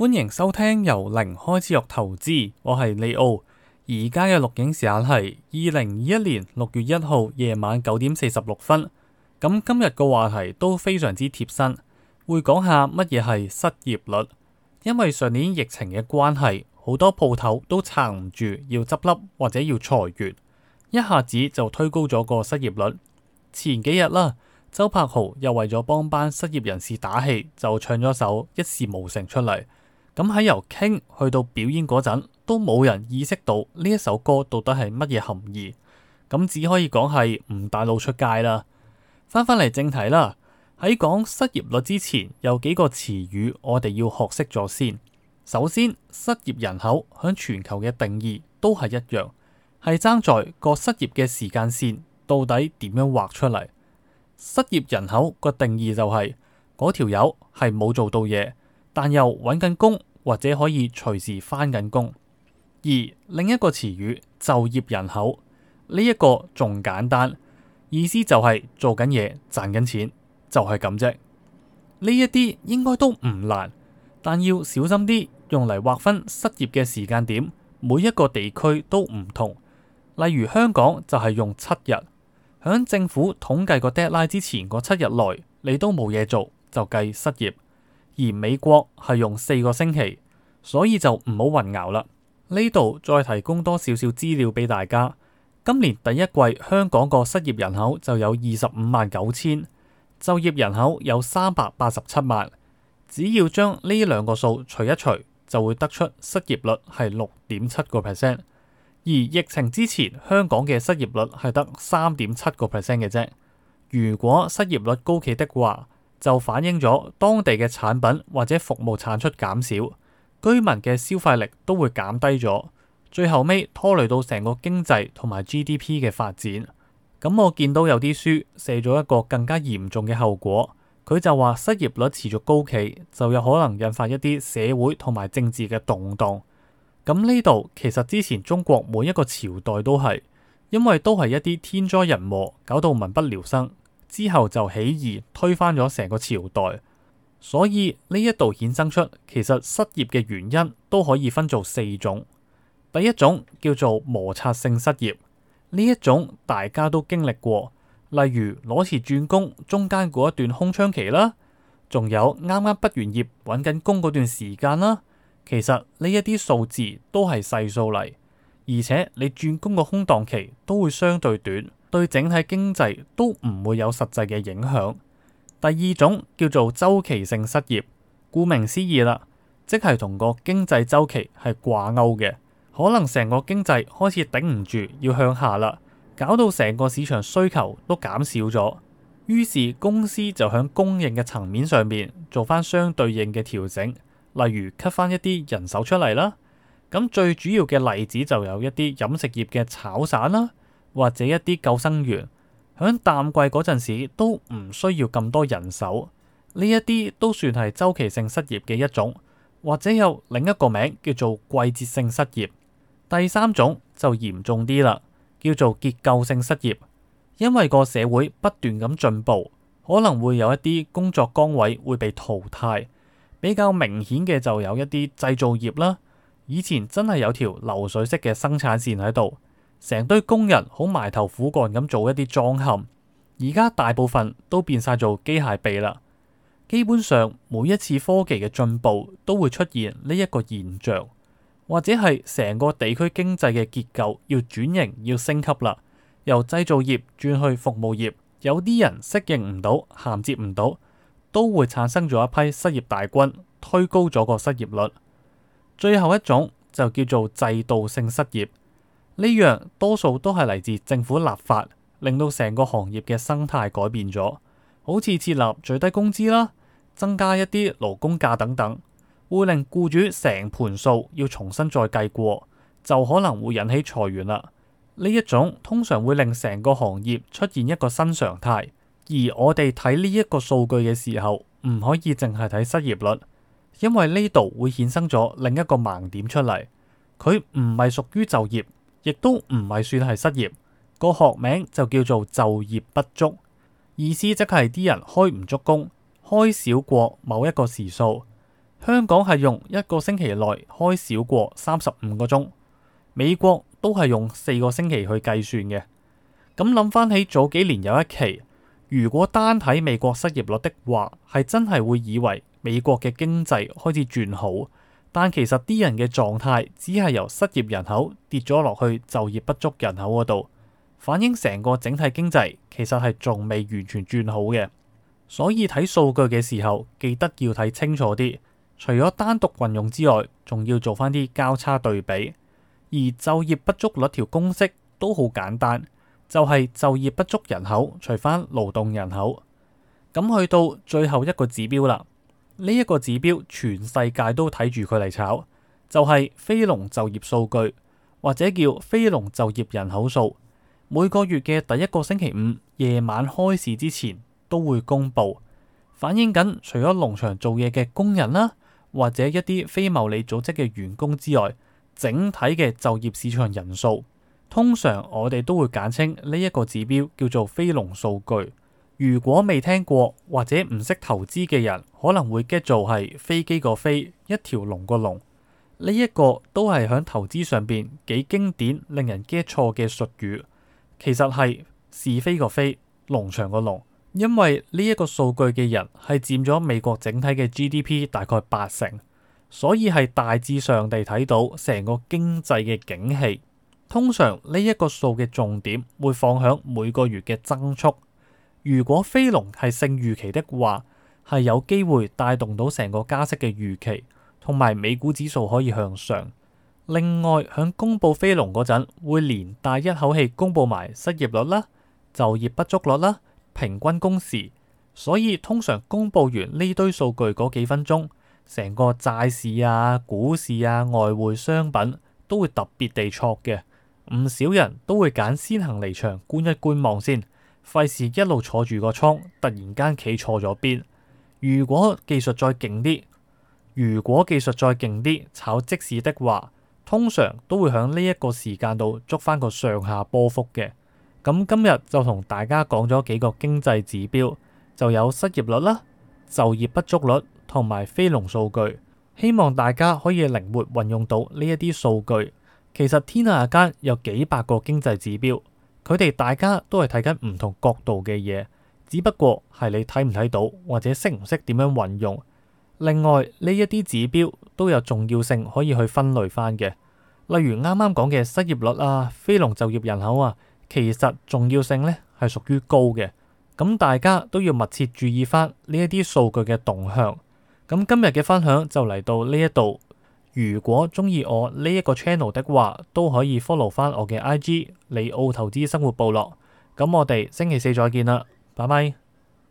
歡迎收聽由零開始學投資，我係利奧。而家嘅錄影時間係二零二一年六月一號夜晚九點四十六分。咁今日個話題都非常之貼身，會講下乜嘢係失業率。因為上年疫情嘅關係，好多鋪頭都撐唔住，要執笠或者要裁員，一下子就推高咗個失業率。前幾日啦，周柏豪又為咗幫班失業人士打氣，就唱咗首一事無成出嚟。咁喺由傾去到表演嗰陣，都冇人意識到呢一首歌到底係乜嘢含義，咁只可以講係唔大路出街啦。翻返嚟正題啦，喺講失業率之前，有幾個詞語我哋要學識咗先。首先，失業人口響全球嘅定義都係一樣，係爭在個失業嘅時間線到底點樣畫出嚟。失業人口個定義就係嗰條友係冇做到嘢。但又揾緊工或者可以隨時翻緊工。而另一個詞語就業人口呢一個仲簡單，意思就係做緊嘢賺緊錢就係咁啫。呢一啲應該都唔難，但要小心啲用嚟劃分失業嘅時間點，每一個地區都唔同。例如香港就係用七日，響政府統計個 deadline 之前個七日內你都冇嘢做，就計失業。而美國係用四個星期，所以就唔好混淆啦。呢度再提供多少少資料俾大家。今年第一季香港個失業人口就有二十五萬九千，就業人口有三百八十七萬。只要將呢兩個數除一除，就會得出失業率係六點七個 percent。而疫情之前香港嘅失業率係得三點七個 percent 嘅啫。如果失業率高企的話，就反映咗當地嘅產品或者服務產出減少，居民嘅消費力都會減低咗，最後尾拖累到成個經濟同埋 GDP 嘅發展。咁我見到有啲書寫咗一個更加嚴重嘅後果，佢就話失業率持續高企，就有可能引發一啲社會同埋政治嘅動盪。咁呢度其實之前中國每一個朝代都係，因為都係一啲天災人禍，搞到民不聊生。之後就起義推翻咗成個朝代，所以呢一度衍生出其實失業嘅原因都可以分做四種。第一種叫做摩擦性失業，呢一種大家都經歷過，例如攞次轉工中間嗰一段空窗期啦，仲有啱啱畢完業揾緊工嗰段時間啦。其實呢一啲數字都係細數嚟，而且你轉工個空檔期都會相對短。對整體經濟都唔會有實際嘅影響。第二種叫做周期性失業，顧名思義啦，即係同個經濟周期係掛鈎嘅，可能成個經濟開始頂唔住要向下啦，搞到成個市場需求都減少咗，於是公司就響供應嘅層面上面做翻相對應嘅調整，例如 cut 翻一啲人手出嚟啦。咁最主要嘅例子就有一啲飲食業嘅炒散啦。或者一啲救生員喺淡季嗰陣時都唔需要咁多人手，呢一啲都算係周期性失業嘅一種，或者有另一個名叫做季節性失業。第三種就嚴重啲啦，叫做結構性失業，因為個社會不斷咁進步，可能會有一啲工作崗位會被淘汰，比較明顯嘅就有一啲製造業啦，以前真係有條流水式嘅生產線喺度。成堆工人好埋頭苦幹咁做一啲裝嵌，而家大部分都變晒做機械臂啦。基本上，每一次科技嘅進步都會出現呢一個現象，或者係成個地區經濟嘅結構要轉型、要升級啦，由製造業轉去服務業，有啲人適應唔到、銜接唔到，都會產生咗一批失業大軍，推高咗個失業率。最後一種就叫做制度性失業。呢樣多數都係嚟自政府立法，令到成個行業嘅生態改變咗，好似設立最低工資啦，增加一啲勞工價等等，會令雇主成盤數要重新再計過，就可能會引起裁員啦。呢一種通常會令成個行業出現一個新常態。而我哋睇呢一個數據嘅時候，唔可以淨係睇失業率，因為呢度會衍生咗另一個盲點出嚟，佢唔係屬於就業。亦都唔係算係失業，個學名就叫做就業不足，意思即係啲人開唔足工，開少過某一個時數。香港係用一個星期內開少過三十五個鐘，美國都係用四個星期去計算嘅。咁諗翻起早幾年有一期，如果單睇美國失業率的話，係真係會以為美國嘅經濟開始轉好。但其實啲人嘅狀態只係由失業人口跌咗落去就業不足人口嗰度，反映成個整體經濟其實係仲未完全轉好嘅。所以睇數據嘅時候，記得要睇清楚啲，除咗單獨運用之外，仲要做翻啲交叉對比。而就業不足率條公式都好簡單，就係就業不足人口除翻勞動人口，咁去到最後一個指標啦。呢一個指標全世界都睇住佢嚟炒，就係非農就業數據，或者叫非農就業人口數。每個月嘅第一個星期五夜晚開市之前都會公佈，反映緊除咗農場做嘢嘅工人啦，或者一啲非牟利組織嘅員工之外，整體嘅就業市場人數。通常我哋都會簡稱呢一個指標叫做非農數據。如果未聽過或者唔識投資嘅人，可能會 get 做係飛機個飛，一條龍個龍呢一、這個都係響投資上邊幾經典，令人 get 錯嘅術語。其實係是，是非個非，農場個農，因為呢一個數據嘅人係佔咗美國整體嘅 GDP 大概八成，所以係大致上地睇到成個經濟嘅景氣。通常呢一個數嘅重點會放響每個月嘅增速。如果非農係勝預期的話，係有機會帶動到成個加息嘅預期，同埋美股指數可以向上。另外，響公布非農嗰陣會連帶一口氣公布埋失業率啦、就業不足率啦、平均工時，所以通常公布完呢堆數據嗰幾分鐘，成個債市啊、股市啊、外匯、商品都會特別地錯嘅，唔少人都會揀先行離場，觀一觀望先。費事一路坐住個倉，突然間企錯咗邊。如果技術再勁啲，如果技術再勁啲，炒即市的話，通常都會響呢一個時間度捉翻個上下波幅嘅。咁今日就同大家講咗幾個經濟指標，就有失業率啦、就業不足率同埋非農數據，希望大家可以靈活運用到呢一啲數據。其實天下間有幾百個經濟指標。佢哋大家都係睇緊唔同角度嘅嘢，只不過係你睇唔睇到，或者識唔識點樣運用。另外呢一啲指標都有重要性，可以去分類翻嘅，例如啱啱講嘅失業率啊、非農就業人口啊，其實重要性咧係屬於高嘅，咁大家都要密切注意翻呢一啲數據嘅動向。咁今日嘅分享就嚟到呢一度。如果鍾意我呢一個 channel 的話，都可以 follow 翻我嘅 IG 利奧投資生活部落。咁我哋星期四再見啦，拜拜。